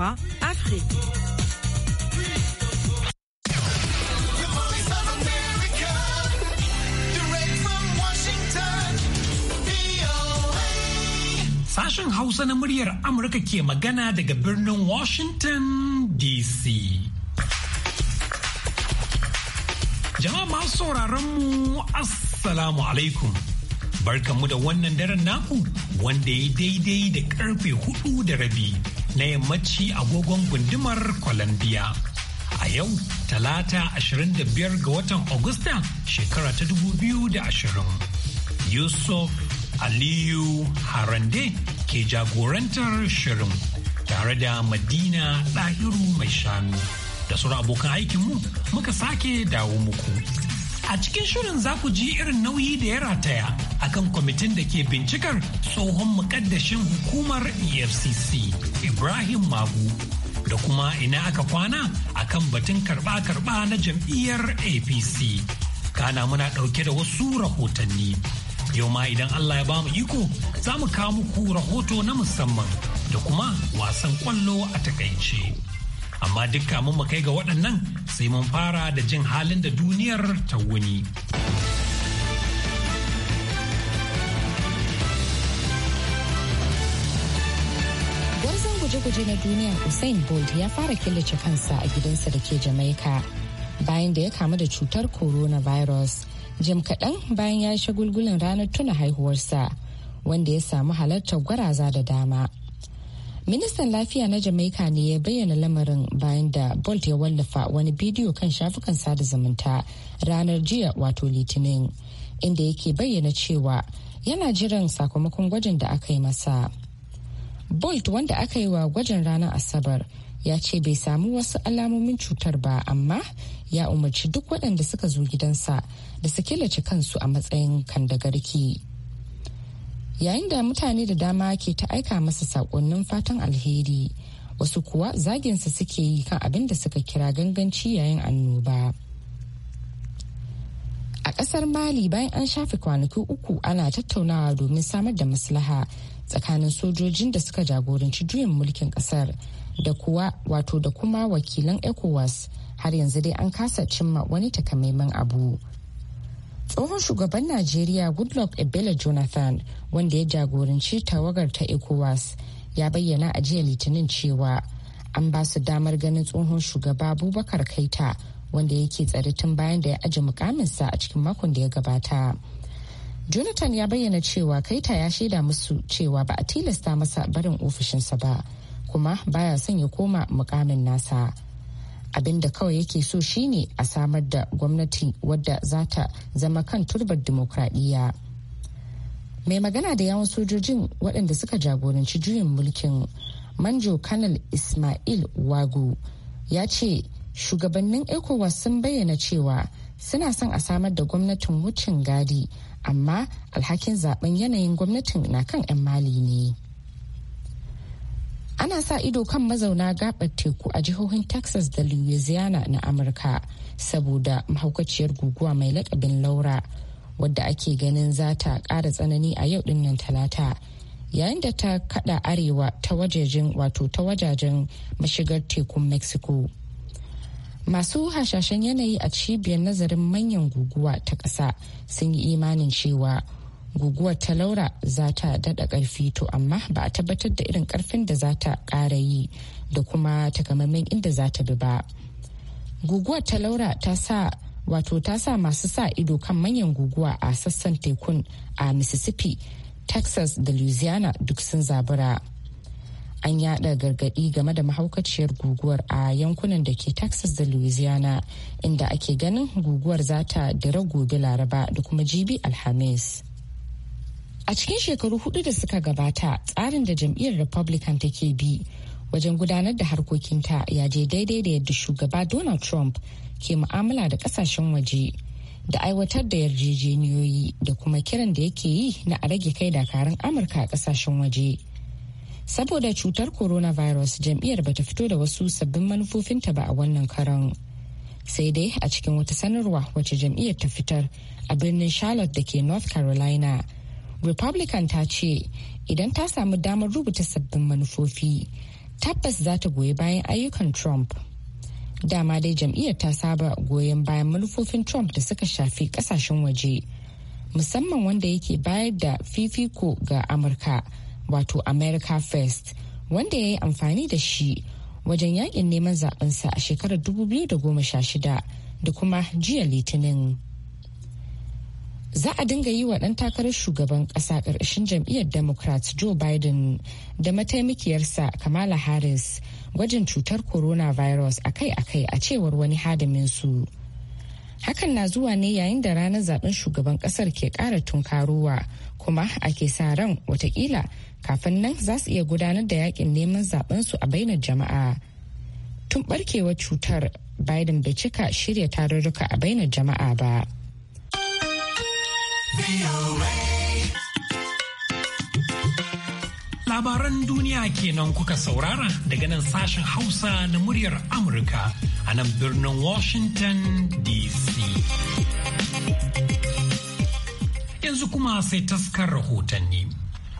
Afrique. Sashen Hausa na muryar Amurka ke magana daga birnin Washington DC. Jama'a masu sauraron mu Assalamu alaikum. Barkanmu da wannan daren naku wanda ya daidai da karfe hudu da rabi na yammaci agogon gundumar Colombia. A yau, talata 25 ga watan Agusta shekara ta 2020. Yusuf Aliyu Harande ke jagorantar shirin tare da Madina Ɗahiru mai shanu. Da sauran abokan aikinmu muka sake dawo muku. A cikin shirin za ku ji irin nauyi da ya rataya a kan kwamitin da ke bincikar tsohon mukaddashin hukumar EFCC Ibrahim Magu da kuma ina aka kwana a kan batun karba-karba na jam'iyyar APC. Kana muna ɗauke da wasu rahotanni. Yau ma idan Allah ya bamu iko za mu kawo muku rahoto na musamman da kuma wasan kwallo a takaice. amma duk kamun mu kai ga waɗannan sai mun fara da jin halin da duniyar ta wuni. Garzan guje-guje na duniya Usain Bolt ya fara killace kansa a gidansa da ke Jamaika bayan da ya kamu da cutar coronavirus. Jim kaɗan bayan ya yi gulgulin ranar tuna haihuwarsa wanda ya samu halartar gwaraza da dama. Ministan lafiya na Jamaika ne ya bayyana lamarin bayan da Bolt ya wallafa wani bidiyo kan shafukan sada zumunta ranar jiya wato Litinin, inda yake bayyana cewa yana jiran sakamakon gwajin da aka yi masa. Bolt wanda aka yi wa gwajin ranar Asabar ya ce bai samu wasu alamomin cutar ba amma ya umarci duk waɗanda suka zo gidansa da su killace kansu a matsayin kandagarki. yayin da mutane da dama ke ta aika masa saƙonnin fatan alheri wasu kuwa zaginsa suke yi kan abin da suka kira ganganci yayin annoba a ƙasar mali bayan an shafe kwanaki uku ana tattaunawa domin samar da maslaha tsakanin sojojin da suka jagoranci juyin mulkin ƙasar da kuwa wato da kuma wakilan ecowas har yanzu dai an kasa cimma wani takamaiman abu tsohon shugaban najeriya goodluck ebele jonathan wanda ya jagoranci tawagar ta ecowas ya bayyana a jiya litinin cewa an ba su damar ganin tsohon shugaba abubakar kaita wanda yake tsare tun bayan da ya aji mukaminsa a cikin makon da ya gabata jonathan ya bayyana cewa kaita ya shaida musu cewa ba a tilasta masa barin ofishinsa ba kuma baya son ya koma mukamin nasa. abin da kawai yake so shine a samar da gwamnati wadda za ta zama kan turbar dimokuraɗiyya mai magana da yawan sojojin waɗanda suka jagoranci juyin mulkin manjo kanal ismail wagu ya ce shugabannin ecowas sun bayyana cewa suna son a samar da gwamnatin wucin gadi amma alhakin zaben yanayin gwamnatin na kan 'yan mali ne. ana sa ido kan mazauna gabar teku a jihohin texas da louisiana na amurka saboda mahaukaciyar guguwa mai lakabin laura wadda ake ganin za ta ƙara tsanani a yau dinnan talata yayin da ta kada arewa ta wajejen wato ta wajajen mashigar tekun mexico masu hashashen yanayi a cibiyar nazarin manyan guguwa ta ƙasa sun yi imanin cewa guguwar ta laura za ta daɗa ƙarfi to amma ba a tabbatar da irin ƙarfin da za ta ƙara yi da kuma takamaiman inda za ta bi ba guguwar ta laura ta sa wato ta sa masu sa ido kan manyan guguwa a sassan tekun a mississippi texas da louisiana duk sun zabura an yada gargadi game da mahaukaciyar guguwar a yankunan da ke texas da louisiana inda ake ganin guguwar za ta dira gobe laraba da kuma jibi alhamis A cikin shekaru hudu da suka gabata tsarin da jam'iyyar Republican take bi wajen gudanar da harkokinta ya je daidai da yadda shugaba Donald Trump ke mu'amala da kasashen waje da aiwatar da yarjejeniyoyi da kuma kiran da yake yi na a rage kai dakarun Amurka a kasashen waje. Saboda cutar coronavirus jam'iyyar bata fito da wasu sabbin manufofinta ba a wannan karan. Sai dai a cikin wata sanarwa wacce jam'iyyar ta fitar a birnin Charlotte da ke North Carolina. republican ta ce idan ta samu damar rubuta sabbin manufofi tabbas za ta goyi bayan ayyukan trump dama dai jam'iyyar ta saba goyon bayan manufofin trump da suka shafi kasashen waje musamman wanda yake bayar da fifiko ga amurka wato america first wanda ya yi amfani da shi wajen yakin neman zaɓensa a shekarar 2016 da kuma jiya litinin za a dinga yi wa ɗan takarar shugaban ƙasa ƙarƙashin jam'iyyar democrat joe biden da mataimakiyarsa kamala harris gwajin cutar coronavirus akai-akai a cewar wani su hakan na zuwa ne yayin da ranar zaben shugaban ƙasar ke ƙara tunkarowa kuma ake sa ran watakila kafin nan za su iya gudanar da yakin neman zabensu a bainar jama'a tun barkewar cutar biden bai cika shirya tarurruka a bainar jama'a ba. Labaran duniya kenan kuka saurara daga nan sashen Hausa na muryar Amurka a nan birnin Washington DC. Yanzu kuma sai taskar rahotanni.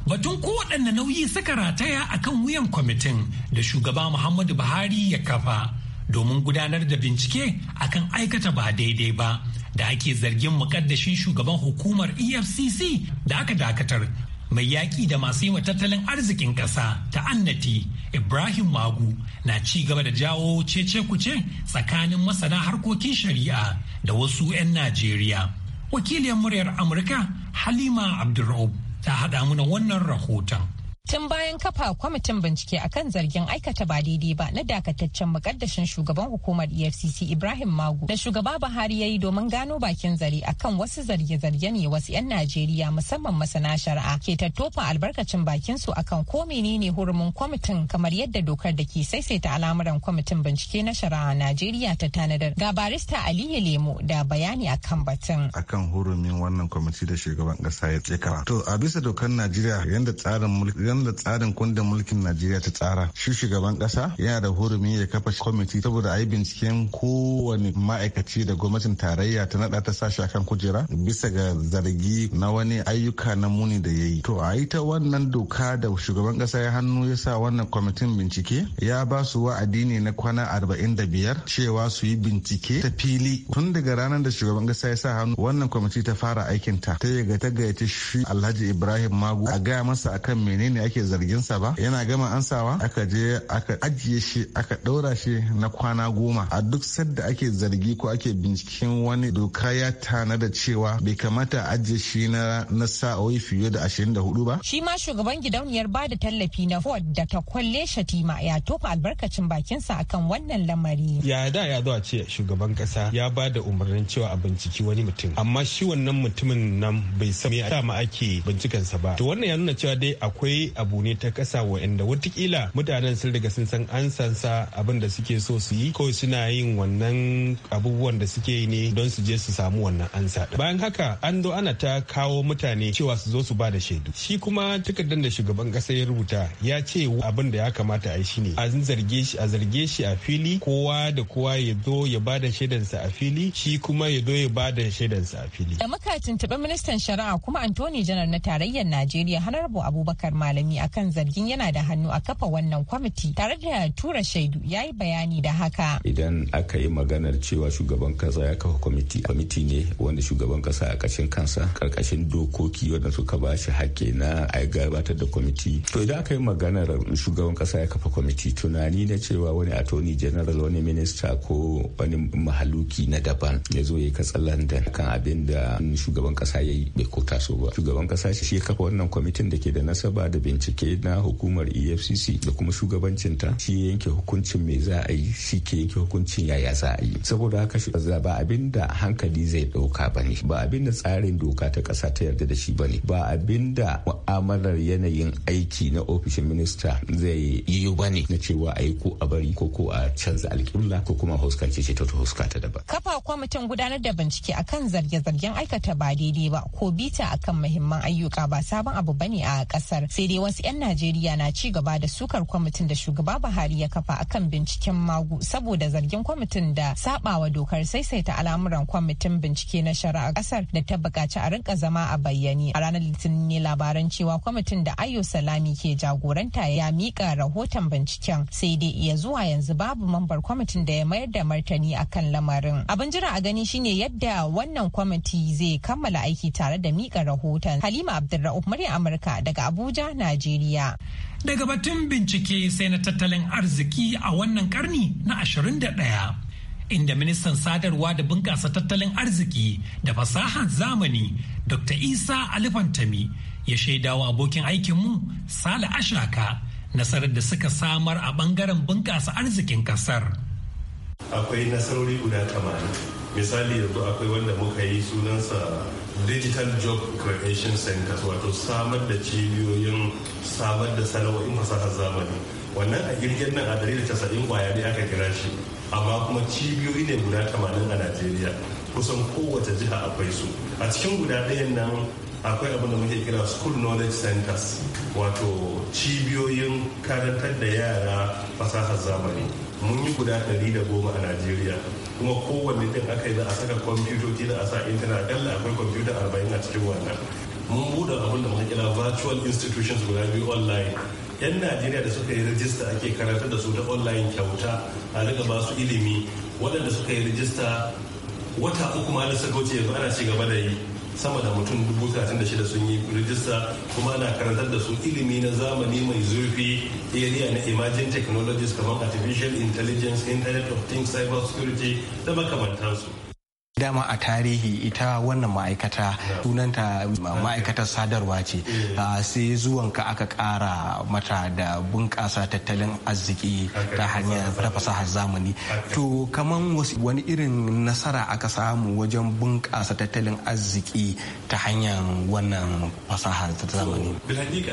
Batun kowaɗanne nauyi suka rataya a kan wuyan kwamitin da shugaba Muhammadu Buhari ya kafa domin gudanar da bincike akan aikata ba daidai ba da ake zargin mukaddashin shugaban hukumar efcc da aka dakatar mai yaƙi da masu yi wa tattalin arzikin ƙasa ta annati ibrahim magu na ci gaba da jawo cece-kuce tsakanin masana harkokin shari'a da wasu 'yan najeriya wakiliyar muryar amurka halima abdulrahman ta haɗa muna wannan rahoton Tun bayan kafa kwamitin bincike akan zargin aikata ba daidai ba na dakataccen makaddashin shugaban hukumar EFCC Ibrahim Magu da shugaba Buhari ya yi domin gano bakin zare akan wasu zarge-zarge ne wasu 'yan Najeriya musamman masana shari'a ke tattofa albarkacin bakin su akan ko menene hurumin kwamitin kamar yadda dokar da ke saisaita al'amuran kwamitin bincike na shari'a Najeriya ta tanadar. Ga barista Aliyu Lemo da bayani akan batun. Akan hurumin wannan kwamiti da shugaban kasa ya tsekara. To a bisa dokar Najeriya yadda tsarin mulki gan da tsarin kundin mulkin Najeriya ta tsara. Shi shugaban kasa yana da hurumi ya kafa kwamiti saboda a yi binciken kowane ma'aikaci da gwamnatin tarayya ta naɗa ta sashi akan kujera bisa ga zargi na wani ayyuka na muni da ya yi. To a yi ta wannan doka da shugaban kasa ya hannu ya sa wannan kwamitin bincike ya ba su wa'adi ne na kwana arba'in da biyar cewa su yi bincike ta fili tun daga ranar da shugaban kasa ya sa hannu wannan kwamiti ta fara aikinta ta yaga ta gayyaci shi Alhaji Ibrahim Magu a gaya masa akan menene ne ake zargin sa ba yana gama ansawa aka je aka ajiye shi aka ɗaura shi na kwana goma a duk sadda ake zargi ko ake binciken wani doka ya tana da cewa bai kamata ajiye shi na na sa'o'i fiye da ashirin da hudu ba shi ma shugaban gidauniyar ba da tallafi na ford da ta kwalle shatima ya tofa albarkacin bakinsa akan wannan lamari ya da ya zuwa ce shugaban kasa ya ba da umarnin cewa a binciki wani mutum amma shi wannan mutumin nan bai san me ma ake bincikansa ba to wannan ya nuna cewa dai akwai abu ne ta kasa wa'anda watakila mutanen sun riga sun san an sa abin da suke so su yi ko suna yin wannan abubuwan da suke yi ne don su je su samu wannan ansa bayan haka an zo ana ta kawo mutane cewa su zo su ba da shaidu shi kuma takardar da shugaban kasa ya rubuta ya ce abin da ya kamata a yi shine a zarge shi a zarge shi a fili kowa da kowa ya zo ya ba da shaidansa a fili shi kuma ya zo ya ba da shaidansa a fili da muka taba ministan shari'a kuma antoni janar na tarayyar najeriya abu abubakar malam malami akan zargin yana da hannu a kafa wannan kwamiti tare da tura shaidu ya yi bayani da haka. Idan aka yi maganar cewa shugaban kasa ya kafa kwamiti, kwamiti ne wanda shugaban kasa a kashin kansa karkashin dokoki wanda suka ba shi haƙƙi na a gabatar da kwamiti. To idan aka yi maganar shugaban kasa ya kafa kwamiti tunani na cewa wani attorney general wani minista ko wani mahaluki na daban ya zo ya yi katsalandan kan abin da shugaban kasa ya yi bai kota so ba. Shugaban kasa shi ya kafa wannan kwamitin da ke da nasaba da bincike na hukumar efcc da kuma shugabancinta shi yanke hukuncin me za a yi shi ke yanke hukuncin yaya za a yi saboda haka shi ba abin da hankali zai ɗauka ba ne ba abin da tsarin doka ta kasa ta yarda da shi ba ne ba abin da mu'amalar yanayin aiki na ofishin minista zai yi yiwu ba ne na cewa a yi ko a bari ko ko a canza alƙibla ko kuma huska ce ce ta huska ta daban. kafa kwamitin gudanar da bincike akan zarge-zargen aikata ba daidai ba ko bita akan muhimman ayyuka ba sabon abu bane a kasar sai dai wasu 'yan Najeriya na ci gaba da sukar kwamitin da shugaba Buhari ya kafa akan binciken magu saboda zargin kwamitin da sabawa dokar saisaita al'amuran kwamitin bincike na shari'a kasar da ta bukaci a rinka zama a bayyane. A ranar Litinin ne labaran cewa kwamitin da Ayo Salami ke jagoranta ya miƙa rahoton binciken sai dai iya zuwa yanzu babu mambar kwamitin da ya mayar da martani akan lamarin. Abin jira a gani shine yadda wannan kwamiti zai kammala aiki tare da miƙa rahoton. Halima Abdulra'uf murya Amurka daga Abuja na Najeriya. Daga batun bincike sai na tattalin arziki a wannan karni na 21. Inda ministan sadarwa da bunƙasa tattalin arziki da fasahar zamani Dr. Isa Alifantami ya shaidawa abokin aikinmu Sale Ashaka nasarar da suka samar a ɓangaren bunƙasa arzikin ƙasar. Akwai nasarori guda tamanin. Misali yanzu akwai wanda muka yi sunansa digital job creation centers wato samar da cibiyoyin samar da sana'o'in fasahar zamani wannan a girgin nan a 190 kwaya ne aka kira shi amma kuma cibiyoyi ne guda tamanin a najeriya kusan kowace jiha akwai su a cikin guda ɗayan nan akwai abin da muke kira school knowledge centers wato cibiyoyin karantar da yara fasahar zamani mun yi guda ɗari da goma a najeriya kuma kowanne din aka yi za a saka kwamfutoci da a sa intanet akalla akwai kwamfuta arba'in a cikin wannan mun buɗe abin da mun kira virtual institutions guda biyu online yan najeriya da suka yi rajista ake karatu da su ta online kyauta a daga ba su ilimi waɗanda suka yi rajista wata uku ma da suka wuce yanzu ana ci gaba da yi sama da mutum dubu talatin da shida sun yi rijista kuma ana karantar da su ilimi na zamani mai zurfi area na emerging technologies kamar artificial intelligence internet of things cyber security da makamantansu. dama a tarihi ita wannan ma'aikata sunanta ma'aikatar sadarwa ce eh. sai zuwan ka aka kara mata da bunƙasa tattalin arziki ta hanyar ta fasahar zamani to kaman wani irin nasara aka samu wajen bunƙasa tattalin arziki ta hanyar wannan fasahar ta zamani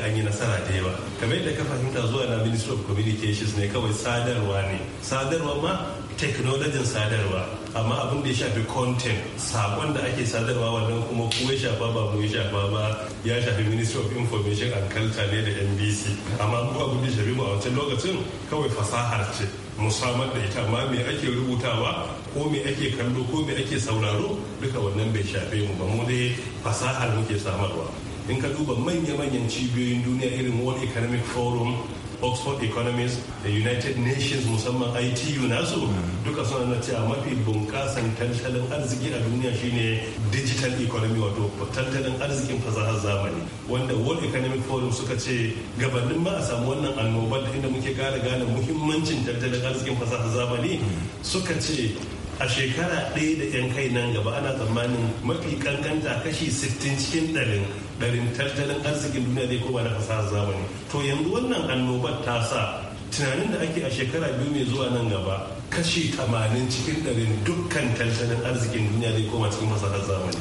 an yi nasara da yawa kamar yadda ka fahimta zuwa na ministry of communications ne kawai sadarwa ne sadarwa ma teknolojin sadarwa amma abin da ya shafi content sakon da ake sadarwa wannan kuma ko ya shafa ba mu ya shafa ba ya shafi ministry of information and culture ne da nbc amma ko abin da ya shafi mu a wancan lokacin kawai fasahar ce mu da ita amma me ake rubutawa ko me ake kallo ko me ake sauraro duka wannan bai shafe mu ba mu dai fasahar muke samarwa in ka duba manya-manyan cibiyoyin duniya irin world economic forum oxford economies da united nations musamman itu nasu duka suna na cewa mafi bunkasan tattalin arziki a duniya shine digital economy wato tattalin arzikin fasahar zamani wanda world economic forum suka ce gabanin ma a samu wannan annobar inda muke gane gane muhimmancin tattalin arzikin fasahar zamani suka ce a shekara ɗaya da 'yan kai nan gaba ana tsammanin mafi kankanta kashi 60 cikin ɗarin ɗarin tattalin arzikin duniya zai koma na fasahar zamani to yanzu wannan annobar ta sa tunanin da ake a shekara biyu mai zuwa nan gaba kashi 80 cikin ɗarin dukkan tattalin arzikin duniya zai koma cikin fasahar zamani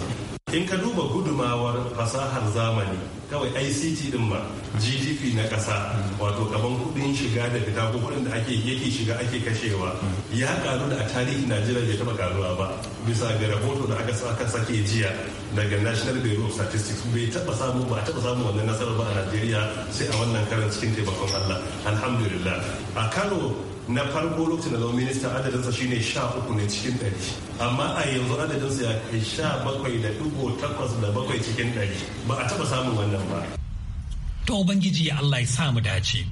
in ka duba gudu fasahar zamani kawai ict din ma gdp na ƙasa wato gaban kudin shiga da fita ko kudin da ake yake shiga ake kashewa ya karu da a tarihin najeriya bai taba karuwa ba bisa ga rahoto da aka saka sake jiya daga national bureau of statistics bai taba samu ba a taba samu wannan nasarar ba a najeriya sai a wannan karan cikin taimakon allah alhamdulillah a kano na farko lokacin da zama minista adadinsa shine sha uku ne cikin ɗari amma a yanzu adadinsa ya kai sha bakwai da dubu takwas da bakwai cikin ɗari ba a taɓa samun wannan ba. to ubangiji allah ya samu dace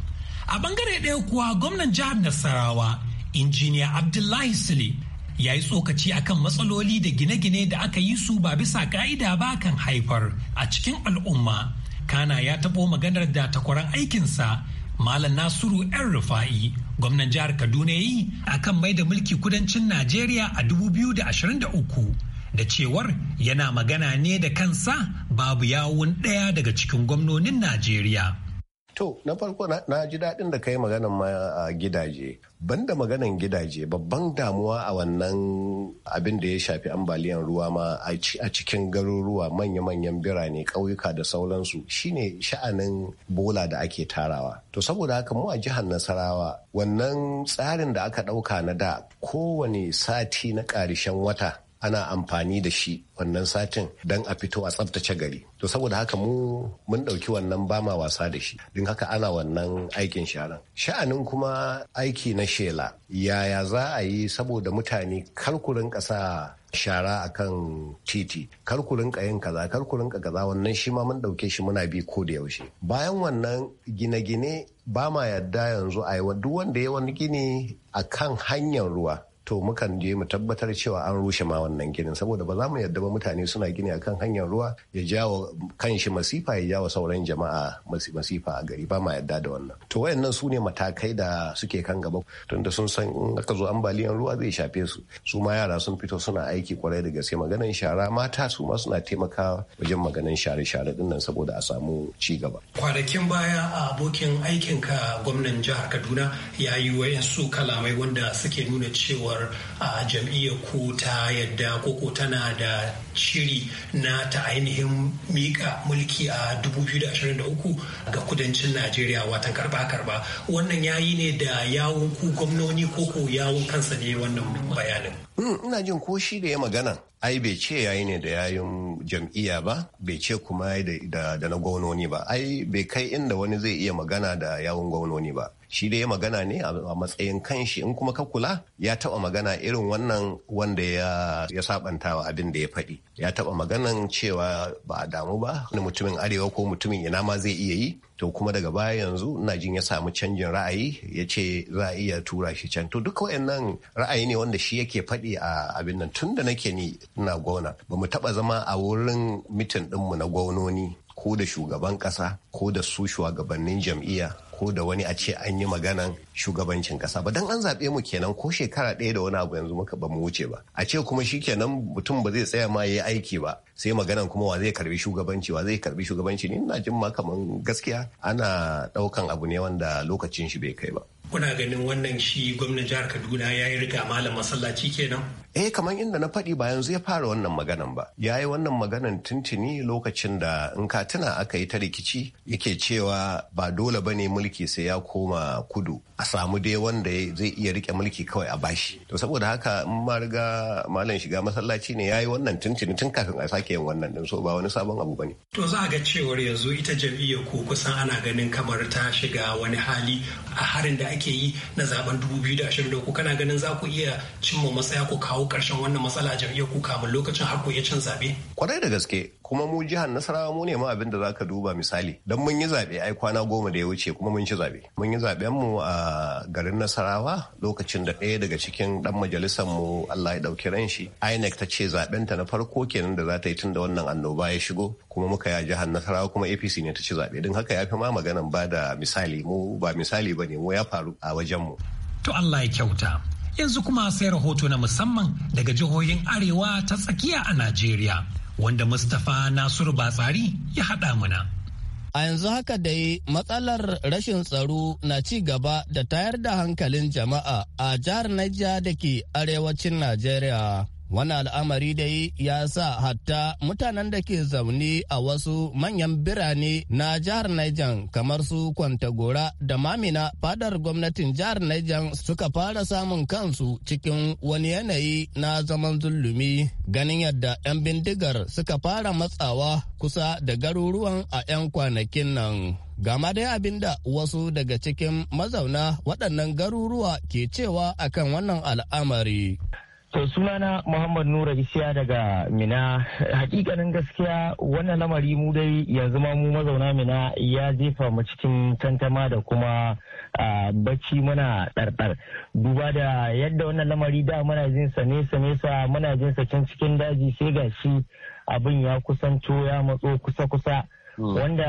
a bangare ɗaya kuwa gwamnan jihar nasarawa injiniya abdullahi sule ya yi tsokaci akan matsaloli da gine-gine da aka yi su ba bisa ka'ida ba kan haifar a cikin al'umma kana ya taɓo maganar da takwaran aikinsa malam nasiru yan rufa'i gwamnan jihar kaduna yi akan mai da mulki kudancin najeriya a 2023 da cewar yana magana ne da kansa babu yawun ɗaya daga cikin gwamnonin najeriya To, na farko na ji daɗin da kai maganan ma a gidaje. Banda maganan gidaje babban damuwa a wannan abin da ya shafi ambaliyan ruwa ma a cikin garuruwa manya-manyan birane ƙauyuka da sauransu shine sha'anin bola da ake tarawa. To saboda haka mu a jihar Nasarawa wannan tsarin da aka ɗauka na da kowane sati na ƙarshen wata ana amfani da shi wannan satin don a fito a tsabtace gari to saboda haka mu mun ɗauki wannan ba ma wasa da shi din haka ana wannan aikin sharan sha'anin kuma aiki na shela yaya za a yi saboda mutane kalkurin ƙasa shara a kan titi karkurin yin kaza kalkurin kaza wannan shi ma mun ɗauke shi muna bi ko da yaushe bayan wannan gine-gine ba ma yadda yanzu a yi duk wanda ya wani gini a kan hanyar ruwa to mukan je mu tabbatar cewa an rushe ma wannan ginin saboda ba za mu yadda ba mutane suna gini a kan hanyar ruwa ya jawo kanshi masifa ya jawo sauran jama'a masifa a gari ba ma yadda da wannan to wayannan su ne matakai da suke kan gaba tunda sun san in aka zo ambaliyan ruwa zai shafe su su ma yara sun fito suna aiki kwarai da gaske maganan shara mata su ma suna taimakawa wajen maganan share-share din nan saboda a samu ci gaba kwanakin baya a abokin aikinka gwamnan jihar Kaduna ya yi wayansu kalamai wanda suke nuna cewa cewar jam'iyyar ko ta yadda ko ko tana da shiri na ta ainihin mika mulki a 2023 ga kudancin najeriya watan karba-karba wannan yayi ne da yawon ku gwamnoni ko yawun kansa ne wannan bayanin hmm, ina jin ko shi da ya magana ai bai ce yayi ne da yayin jam'iyya ba bai ce kuma da, da na gwamnoni ba ai bai kai inda wani zai iya magana da yawun gwamnoni ba shi da ya magana ne a matsayin kanshi in kuma ka kula ya taba magana irin wannan wanda ya, ya sabanta wa abin da ya faɗi ya taba maganan cewa ba a damu ba wani mutumin arewa ko mutumin ina ma zai iya yi to kuma daga baya yanzu ina jin ya samu canjin ra'ayi ya ce za a iya tura shi can to duk wayannan ra'ayi ne wanda shi yake faɗi a abin nan tun da nake ni ina gwauna ba mu taɓa zama a wurin mitin ɗinmu na gwaunoni ko da shugaban ƙasa ko da su shugabannin jam'iyya ko da wani a ce an yi maganan shugabancin ƙasa ba dan an zaɓe mu kenan ko shekara ɗaya da wani abu yanzu muka ba mu wuce ba a ce kuma shi kenan mutum ba zai tsaya ma ya aiki ba sai maganan kuma wa zai karbi shugabanci wa zai karbi shugabanci ne ina jin ma kaman gaskiya ana daukan abu ne wanda lokacin shi bai kai ba kuna ganin wannan shi gwamnan jihar kaduna ya yi riga malam masallaci kenan eh kamar inda na faɗi ba yanzu ya fara wannan maganan ba ya yi wannan maganan tuntuni lokacin da in ka tuna aka yi ta rikici yake cewa ba dole ba ne mulki sai ya koma kudu a samu dai wanda zai iya rike mulki kawai a bashi to saboda haka in ma riga malam shiga masallaci ne ya yi wannan tuntuni tun kafin a sake ake yin wannan din so ba wani sabon abu bane to za a ga cewar yanzu ita jam'iyyar ku kusan ana ganin kamar ta shiga wani hali a harin da ake yi na zaben 2023 kana ganin za ku iya cimma matsaya ku kawo karshen wannan matsala a jam'iyyar ku kamun lokacin har ku iya cin zabe kwarai da gaske kuma mu jihar Nasarawa mu ne ma abin da zaka duba misali dan mun yi zabe ai kwana goma da ya wuce kuma mun ci zabe mun yi zaben mu a garin Nasarawa lokacin da ɗaya daga cikin dan majalisar mu Allah ya dauki ran shi INEC ta ce zaben ta na farko kenan da za ta yi tun da wannan annoba ya shigo kuma muka ya jihar nasarawa kuma apc ne ta ci zaɓe don haka ya fi ma maganan ba da misali mu ba misali ba ne mu ya faru a wajen mu. to allah ya kyauta yanzu kuma sai rahoto na musamman daga jihohin arewa ta tsakiya a najeriya wanda mustapha nasiru batsari ya haɗa mana. A yanzu haka dai matsalar rashin tsaro na ci gaba da tayar da hankalin jama'a a jihar Niger da ke arewacin Najeriya. Wannan al'amari dai ya sa hatta mutanen da ke zaune a wasu manyan birane na jihar Niger kamar su Kwantagora da Mamina fadar gwamnatin jihar Niger suka fara samun kansu cikin wani yanayi na zaman zulumi ganin yadda 'yan bindigar suka fara matsawa kusa da garuruwan a 'yan kwanakin nan. Gama dai abin da wasu daga cikin mazauna waɗannan garuruwa ke cewa akan wannan al'amari. To sunana Muhammad Nura Isiya daga Mina. Hakikanin gaskiya wannan lamari mu dai yanzu ma mu mazauna Mina ya jefa mu cikin tantama da kuma bacci muna ɗarɗar. Duba da yadda wannan lamari da muna jin sa nesa nesa muna jin sa can cikin daji sai gashi abin ya kusanto ya matso kusa kusa. Hmm. Wanda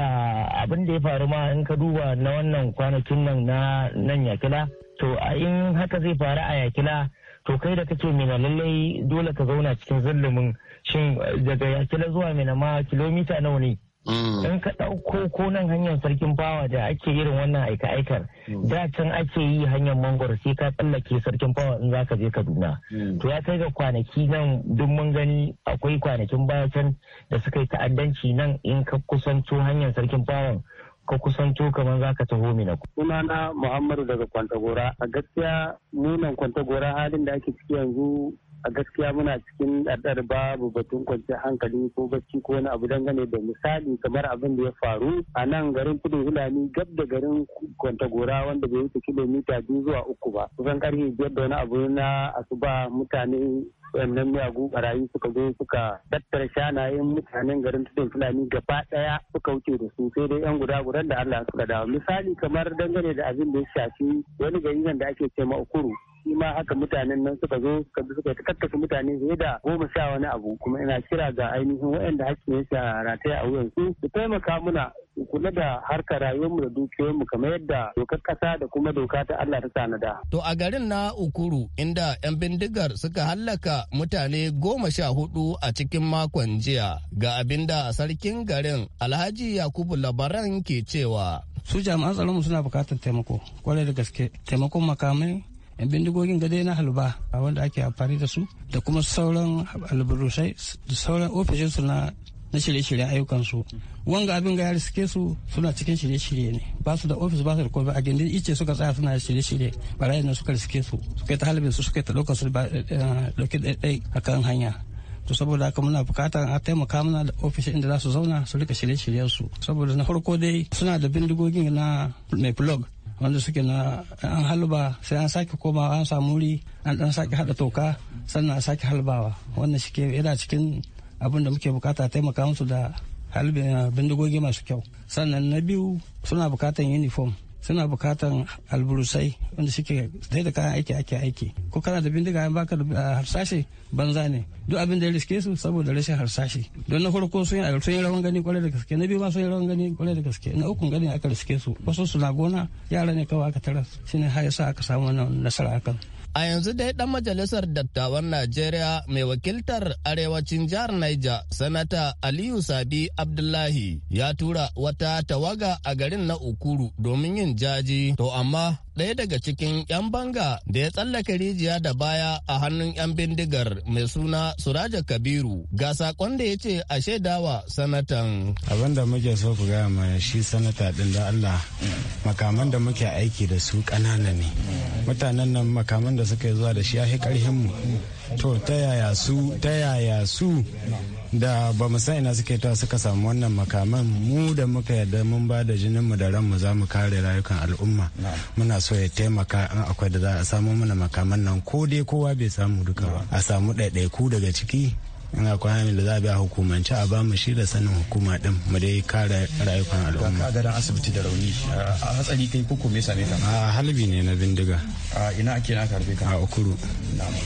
abin da ya faru ma in ka duba na wannan kwanakin nan na nan yakila. To a in haka zai faru a yakila to kai da kake mina lallai dole ka zauna cikin zallumin shin eh, daga yakila zuwa mina ma kilomita nawa ne mm. in ka ɗauko ko nan hanyar sarkin bawa da ake irin wannan aika-aikar mm. da can ake yi hanyar mangoro sai ka tsallake sarkin bawa in za ka je kaduna mm. to ya kai ga kwanaki nan duk mun gani akwai kwanakin baya can da suka yi ta'addanci nan in ka kusanto hanyar sarkin bawan ka kusanto kamar za ka taho mina. Sunana Muhammadu daga Kwantagora. A gaskiya munan Kwantagora halin da ake ciki yanzu a gaskiya muna cikin ɗaɗɗar babu batun kwanciyar hankali ko bacci ko wani abu dangane da misali kamar abin da ya faru a nan garin kudu hulani gab da garin kwantagora wanda bai wuce kilomita biyu zuwa uku ba kusan karfe biyar da wani abu na asuba mutane wannan miyagu barayi suka zo suka tattara shanayen mutanen garin tudun fulani gaba daya suka wuce da su sai dai yan guda gudan da Allah suka dawo misali kamar dangane da abin da ya shafi wani gari da ake ce ma ukuru shi ma haka mutanen nan suka zo suka bi suka kakkace mutane fiye da goma sha wani abu kuma ina kira ga ainihin waɗanda hakkin ya sha rataya a wuyan su taimaka muna kula da harkar rayuwarmu da dukiyarmu kamar yadda dokar kasa da kuma doka ta Allah ta sanada. To a garin na Ukuru inda 'yan bindigar suka hallaka mutane goma sha hudu a cikin makon jiya ga abinda sarkin garin Alhaji Yakubu Labaran ke cewa. Su jami'an tsaronmu suna bukatar taimako kwarai da gaske taimakon makamai yan bindigogin ga dai na halba a wanda ake amfani da su da kuma sauran alburusai da sauran ofishinsu na na shirye-shiryen su wanga abin ga ya riske su suna cikin shirye-shirye ne ba su da ofis ba su da komai a gindin ice suka tsaya suna shirye-shirye barayin nan suka riske su suka yi ta halibin su suka ta ɗaukar su ba eh, ɗauki ɗaiɗai a kan hanya to saboda haka muna bukatar a taimaka mana da ofishin inda za su zauna su rika shirye-shiryen su saboda na farko dai suna da bindigogin na mai blog wanda suke na an halba sai an sake komawa an samu wuri an dan sake hada toka sannan a sake halbawa wannan shi ke yana cikin abin da muke bukata taimaka musu da halbin bindigogi masu kyau sannan na biyu suna bukatan uniform suna bukatan alburusai wanda suke zai da kayan aiki ake aiki ko kana da bindiga an baka da ah, harsashi banza ne duk abin da ya riske su saboda rashin harsashi don na farko sun yi rawan gani kwarai da gaske na biyu ma sun yi rawan gani kwarai da gaske na uku gani aka riske su wasu suna gona yara ne kawai aka shi ne har yasa aka samu nasara akan A yanzu dai ɗan majalisar dattawan Najeriya mai wakiltar arewacin jihar Niger, Sanata Aliyu Sabi Abdullahi ya tura wata tawaga a garin na Ukuru domin yin jaji, to amma ɗaya daga cikin 'yan banga da ya tsallaka rijiya da baya a hannun 'yan bindigar mai suna Suraja Kabiru ga sakon da ya ce a shaidawa sanatan. Abin da muke so ku gaya ma shi sanata ɗin da Allah makaman da muke aiki da su ƙanana ne. Mutanen nan makaman da suka zuwa da shi ya fi ƙarhin mu. To ta yaya su ta yaya su da ba mu san ina suke ta suka samu wannan makaman mu da muka yarda mun ba da jininmu da ranmu za mu kare rayukan al'umma muna so ya taimaka in akwai da za a samu mana makaman nan ko dai kowa bai samu duka ba a samu ɗaiɗaiku daga ciki in akwai da za a bi a hukumance a ba mu shi da sanin hukuma din mu dai kare rayukan al'umma ka ga asibiti da rauni a hatsari kai koko me same ka a halbi ne na bindiga a ina ake na karbe ka a ukuru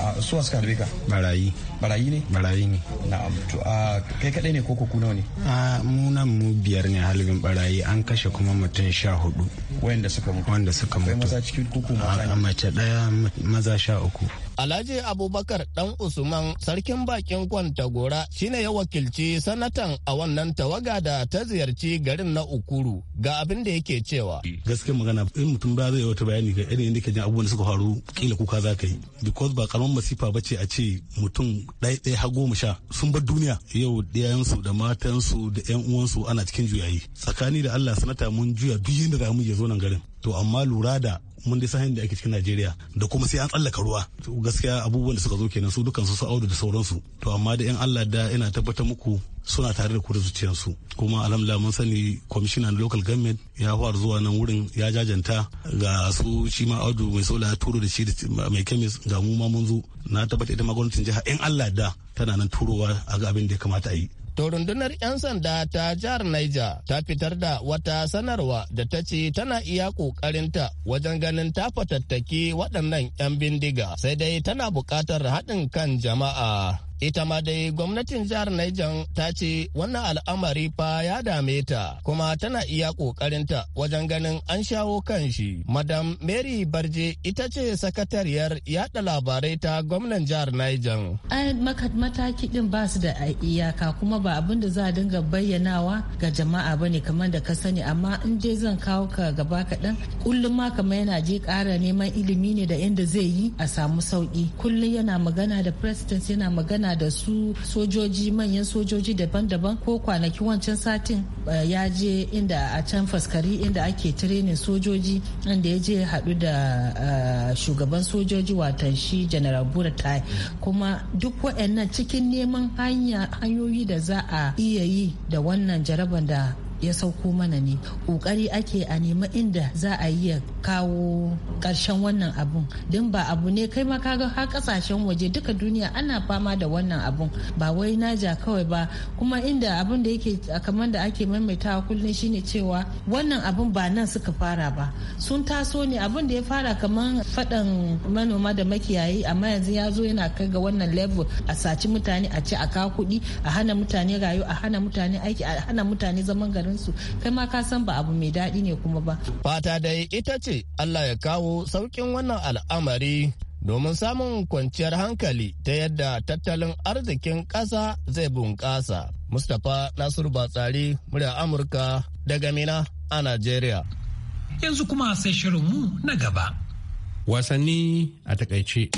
a su wasu karbe ka barayi barayi ne barayi ne na'am to a kai kadai ne koko kuna ne a mu nan mu biyar ne halbin barayi an kashe kuma mutum sha hudu wanda suka mutu wanda suka mutu maza cikin koko Mace daya maza sha uku Alhaji Abubakar Dan Usman sarkin bakin kwanta gora shine ya wakilci sanatan a wannan tawaga da ta ziyarci garin na Ukuru ga abin da yake cewa. Gaskiya magana in mutum ba zai wata bayani ga irin yadda jin abubuwan da suka faru kila kuka za ka yi. Because ba karamin masifa ba ce a ce mutum ɗaya ɗaya har goma sha sun bar duniya yau ɗayansu da matansu da 'yan uwansu ana cikin juyayi. Tsakani da Allah sanata mun juya duk yadda za ya zo nan garin. to amma lura da mun dai sahin da ake cikin Najeriya da kuma sai an tsallaka ruwa to gaskiya abubuwan da suka zo kenan su dukansu su audu da sauransu to amma da yan Allah da ina tabbatar muku suna tare da zuciyar zuciyarsu kuma alhamdulillah mun sani kwamishina na local government ya fara zuwa nan wurin ya jajanta ga su shi ma audu mai sola ya turo da shi mai kemis ga mu ma mun zo na tabbata ita ma jiha yan Allah da tana nan turowa a ga abin da ya kamata a yi To rundunar 'yan sanda ta jihar Niger ta fitar da wata sanarwa da ta ce tana iya ta wajen ganin ta fatattaki waɗannan 'yan bindiga sai dai tana buƙatar haɗin kan jama'a. Ita ma dai gwamnatin jihar Niger ta ce wannan al'amari fa ya dame ta kuma tana iya ƙoƙarinta wajen ganin an shawo kan shi. Madam Mary Barje ita ce sakatariyar yada labarai ta gwamnan jihar Niger. an mataki din ba su da iyaka kuma ba abin da za a dinga bayyanawa ga jama'a bane kamar da ka sani amma in je zan kawo ka gaba kaɗan kullum ma kamar yana je ƙara neman ilimi ne da inda zai yi a samu sauƙi. Kullum yana magana da president yana magana magana da su sojoji manyan sojoji daban-daban ko kwanaki wancan satin eh, ya je inda a can faskari inda ake tirenin sojoji inda ya je haɗu da eh, shugaban sojoji watan shi general buratai kuma duk waɗannan cikin neman hanyoyi da za a iya yi da wannan jaraban da ya sauko mana ne kokari ake a nema inda za a yi kawo karshen wannan abun don ba abu ne kai ma kaga har kasashen waje duka duniya ana fama da wannan abun ba wai naja kawai ba kuma inda abun da yake kamar da ake maimaitawa kullum shine cewa wannan abun ba nan suka fara ba sun taso ne abun da ya fara kamar faɗan manoma da makiyayi amma yanzu ya zo yana kai ga wannan level a saci mutane a ci a kawo kuɗi a hana mutane rayu a hana mutane aiki a hana mutane zaman garin su kai ma ka san ba abu mai daɗi ne kuma ba. fata dai ita ce allah ya kawo sauƙin wannan al'amari domin samun kwanciyar hankali ta yadda tattalin arzikin ƙasa zai bunƙasa. Mustapha Nasiru Batsari, murya Amurka daga Mina a nigeria. Yanzu kuma sai shirinmu na gaba. Wasanni a takaice.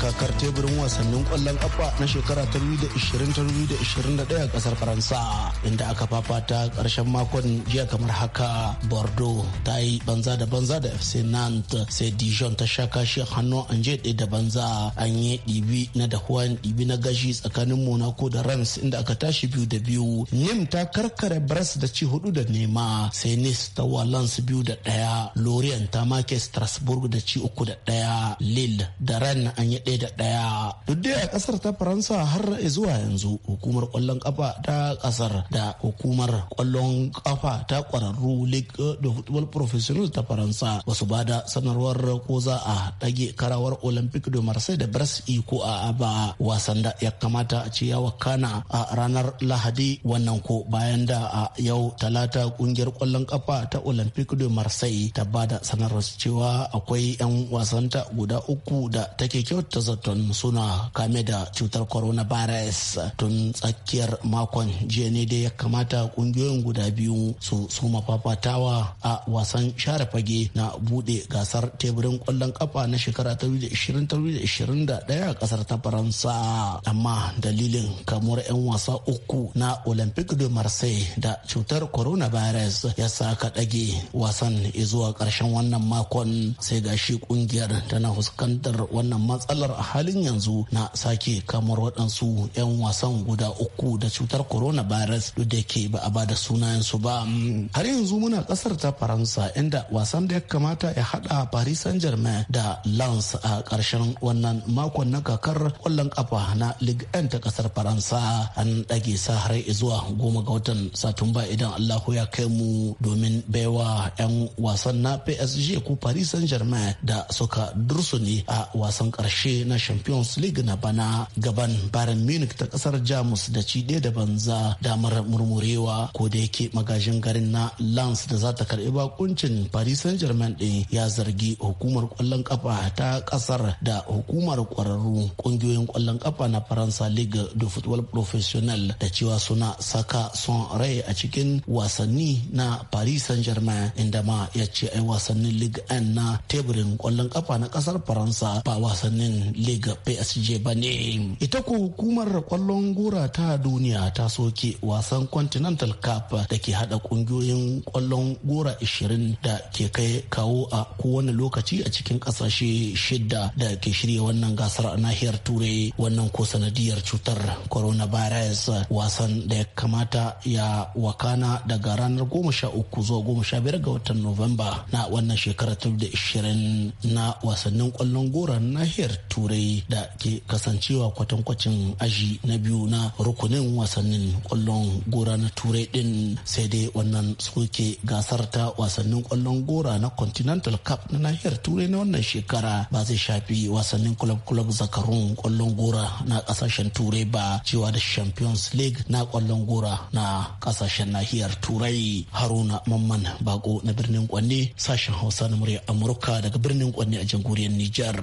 kakar teburin wasannin kwallon kafa na shekara ta 2020-2021 a kasar faransa inda aka fafata karshen makon jiya kamar haka bordeaux ta yi banza da banza da fc nantes sai dijon ta sha kashi hannu an je da banza an yi ɗibi na dahuwa ɗibi na gashi tsakanin monaco da rams inda aka tashi biyu da biyu nim ta karkare bras da ci hudu da nema sai nis ta walans biyu da ɗaya lorient ta make strasbourg da ci uku da ɗaya lille da ran an yi ɗaya da ɗaya duk dai a ƙasar ta faransa har zuwa yanzu hukumar kwallon kafa ta kasar da hukumar kwallon kafa ta kwararru league da football professional ta faransa wasu bada sanarwar ko za a ɗage karawar olympic de marseille da brest ko a ba wasan da ya kamata a ce ya wakana a ranar lahadi wannan ko bayan da a yau talata kungiyar kwallon kafa ta olympic de marseille ta bada sanarwar cewa akwai 'yan wasanta guda uku da take kyauta kyauta suna kame da cutar coronavirus tun tsakiyar makon jiya ne da ya kamata kungiyoyin guda biyu su suma fafatawa a wasan share fage na bude gasar teburin kwallon kafa na shekara ta 2021 a kasar ta faransa amma dalilin kamar 'yan wasa uku na olympic de marseille da cutar coronavirus ya sa ka ɗage wasan zuwa ƙarshen wannan makon sai gashi kungiyar tana fuskantar wannan matsalar kasar a halin yanzu na sake kamar waɗansu 'yan wasan guda uku da cutar coronavirus duk da ke ba a ba da sunayensu ba mm, har yanzu muna ƙasar ta faransa inda wasan da ya kamata ya haɗa paris saint germain da lens a ƙarshen wannan makon na kakar kwallon kafa na ligue 1 ta kasar faransa an ɗage sa har zuwa goma ga watan satumba idan allahu ya kai mu domin baiwa 'yan wasan na psg ko paris saint germain da suka ne a wasan ƙarshe na champions league na bana gaban bayern munich ta ƙasar jamus da ci ɗaya da banza damar murmurewa ko da yake magajin garin na lance da za ta karɓi bakuncin paris saint germain ɗin ya zargi hukumar ƙwallon ƙafa ta ƙasar da hukumar ƙwararru ƙungiyoyin ƙwallon ƙafa na faransa league du football professionnel da cewa suna saka son rai a cikin wasanni na paris saint germain inda ma ya ce ai wasannin league 1 na teburin ƙwallon ƙafa na ƙasar faransa ba wasannin liga psg ba ne ita ko hukumar kwallon gora ta duniya ta soke wasan continental cup da ke hada kungiyoyin kwallon gora 20 da ke kai kawo a kowane lokaci a cikin kasashe shida da ke shirya wannan gasar a nahiyar turai wannan ko sanadiyar cutar coronavirus wasan da ya kamata ya wakana daga ranar 13 zuwa 15 ga watan novemba na wannan shekarar 2020 na wasannin kwallon gora nahiyar turai turai da ke kasancewa kwatankwacin aji na biyu na rukunin wasannin kwallon gora na turai din sai dai wannan suke gasar ta wasannin kwallon gora na continental cup na nahiyar turai na wannan shekara ba zai shafi wasannin club club zakarun kwallon gora na kasashen turai ba cewa da champions league na kwallon gora na kasashen nahiyar turai haruna mamman bako na birnin kwanne sashen hausa na murya amurka daga birnin kwanne a jamhuriyar nijar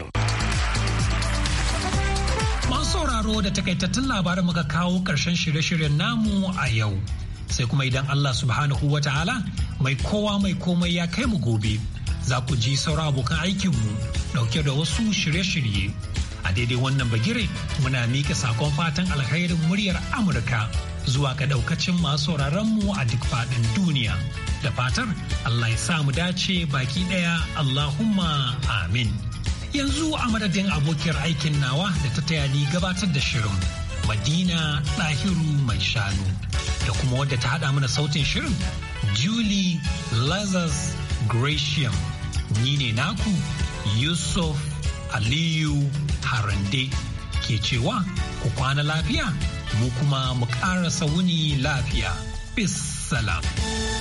Masu sauraro da takaitattun labarin muka kawo ƙarshen shirye-shiryen namu a yau. Sai kuma idan Allah subhanahu wa ta'ala mai kowa mai komai ya kai mu gobe. Za ku ji sauran abokan aikinmu ɗauke da wasu shirye-shirye. A daidai wannan bagire muna mika sakon fatan alkhairin muryar Amurka zuwa ga ɗaukacin masu mu a duk faɗin duniya. Da fatar Allah ya sa mu dace baki ɗaya Allahumma amin. Yanzu a madadin abokiyar aikin nawa da ta taya gabatar da shirin Madina Ɗahiru mai shanu da kuma wadda ta haɗa mana sautin shirin Julie Lazarus Gratiam. Ni ne naku Yusuf Aliyu Harande ke cewa ku kwana lafiya mu kuma mu ƙara wuni lafiya. Bis